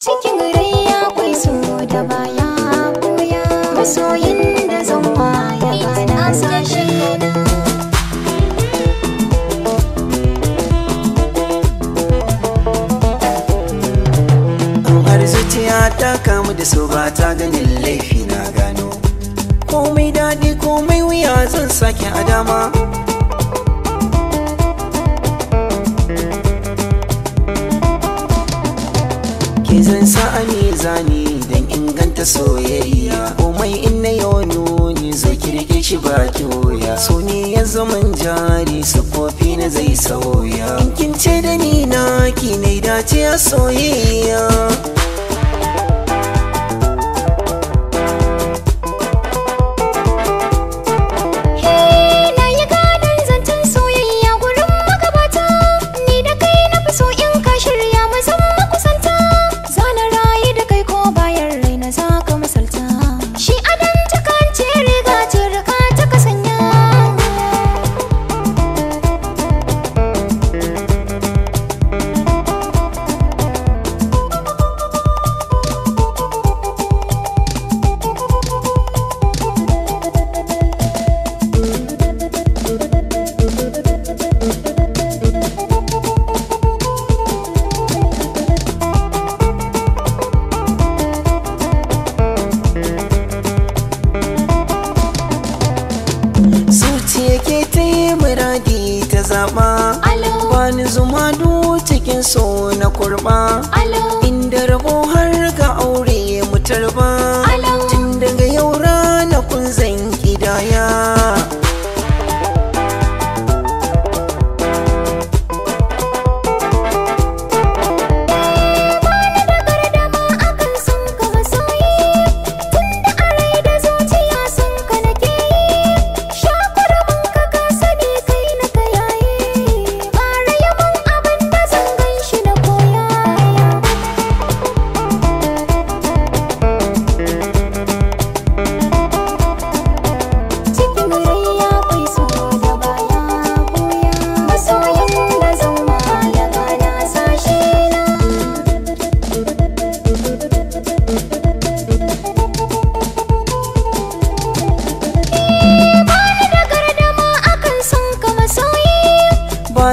Cikin rai ya kwaiso da baya koya masoyin da zan waya bana sashe na. Har zuciya ta kamu da so ba ta ganin laifi na gano. Komai daɗi komai wuya zan sake adama. ke zan sa a don inganta soyayya komai in na yau nuni zo kirke shi ba toya so ne ya zaman jari su kofi na zai sauya in kin ce da ni na ki ne dace a soyayya zaɓa bani zuma duk cikin so na kurɓa inda rabo har ga aure mu tarba tun daga yau rana kun zan kidaya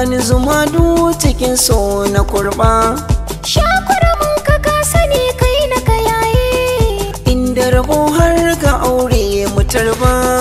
ni zuma duk cikin so na kurba shakura mun ka kasa ne kai na kayaye inda rabo har ka aure mu tarba.